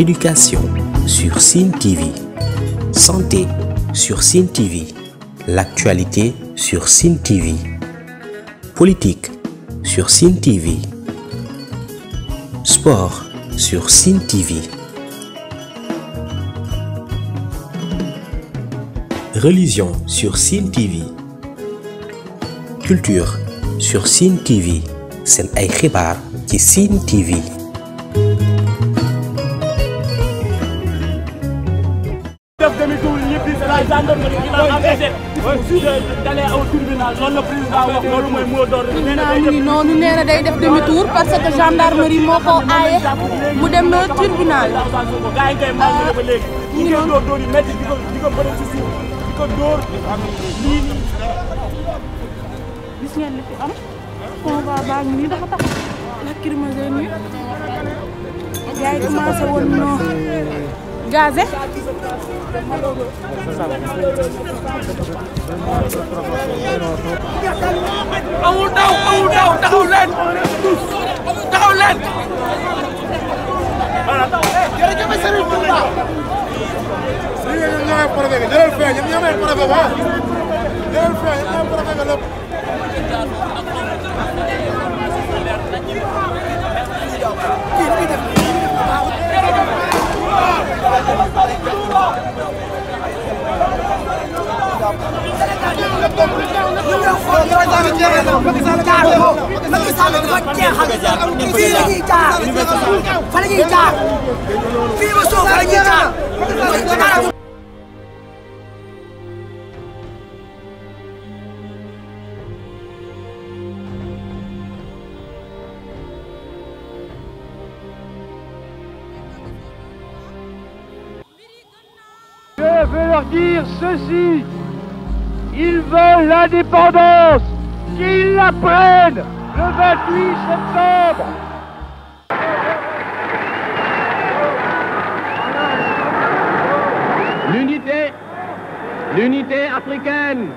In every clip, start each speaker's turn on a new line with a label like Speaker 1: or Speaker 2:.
Speaker 1: Éducation sur Cine TV. Santé sur Cine TV. L'actualité sur Cine TV. Politique sur Cine TV. Sport sur Cine TV. Religion sur Cine TV. Culture sur Cine TV. C'est un par Cine TV. kenn tuul ñëpp di la gendarmerie noonu nee day def demi tour parce que gendarmerie moo ko aaye mu dem tribunal gaa yi koy mal ah, ngi door door yi métti di ko nii dafa woon noo gazé. amul daw amul daw taxaw leen taxaw leen. jërëjëf Serigne Touba. lii ngeen ñoo amee projet bi jëlal fee ñoom ñoo amee projet ba ah jëlal fee ñoom ñoo amee projet ba lépp. Je veux leur dire ceci. Ils veulent l'indépendance Qu'ils la prennent le 28 septembre L'unité, l'unité africaine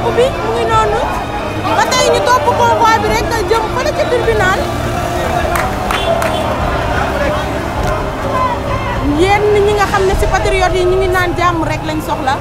Speaker 1: topp bi noonu ba tey ñu topp convoi bi rek jëm fële ca tribunal yéen ñi nga xam ne ci patriote yi ñu ngi naan jàmm rek lañ soxla.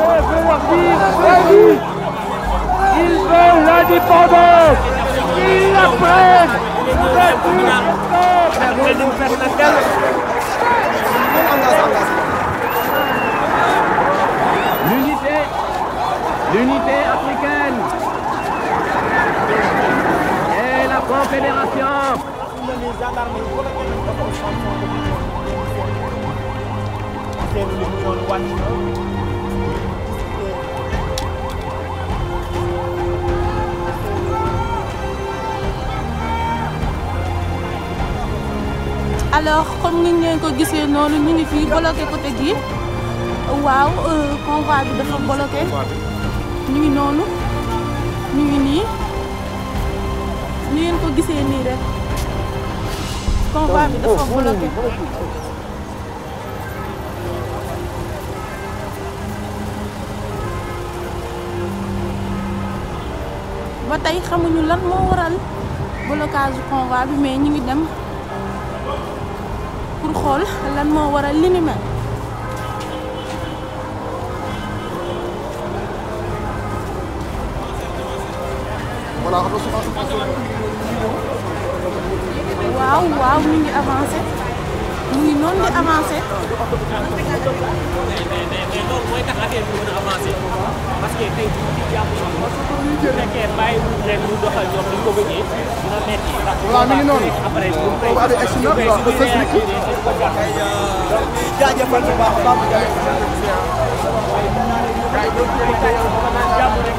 Speaker 1: Ils veulent Ils veulent l'indépendance Ils la prennent L'unité L'unité africaine Et la confédération alors comme ni ngeen ko gisee noonu ñu ngi fii bloqué côté gi waaw euh, convoi bi dafa bloqué ñu ngi noonu ñu ngi nii ni ngeen ko gisee nii rek convoi bi dafa bloqué. ba tey xamuñu lan moo waral blocage convoi bi mais ñu ngi dem. pour xol lan moo waral li ni mel waaw waaw ñu ngi avancer mu ngi noonu di avancé. mais loolu mooy tax affaire bi mën a avancé parce que tey jii di jàpp si moom su fekkee bàyyi wu ren ñu doxal ñoom ñu ko bëggee dina métti. waaw mi ngi noonu après bu ñu koy si ñu koy si ñu réagir dañ ko jàpp. jaajëfal bu baax a baax. jàpp rek.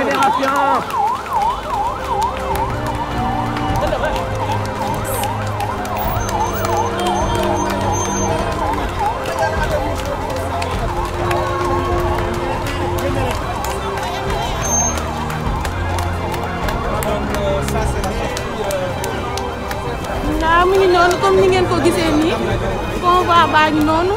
Speaker 1: Accélère bien waaw mu ngi noonu como vai ngeen ko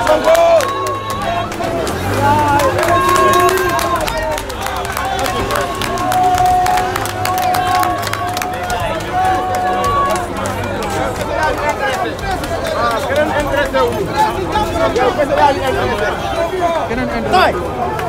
Speaker 1: and Right.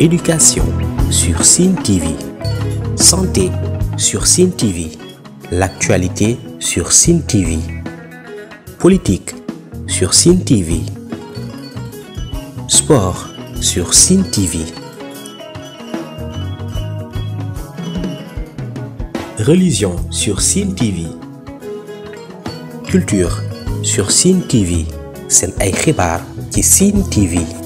Speaker 1: Éducation sur Cine TV. Santé sur Cine TV. L'actualité sur Cine TV. Politique sur Cine TV. Sport sur Cine TV. Religion sur Cine TV. Culture sur Cine TV. C'est ay écrit ci TV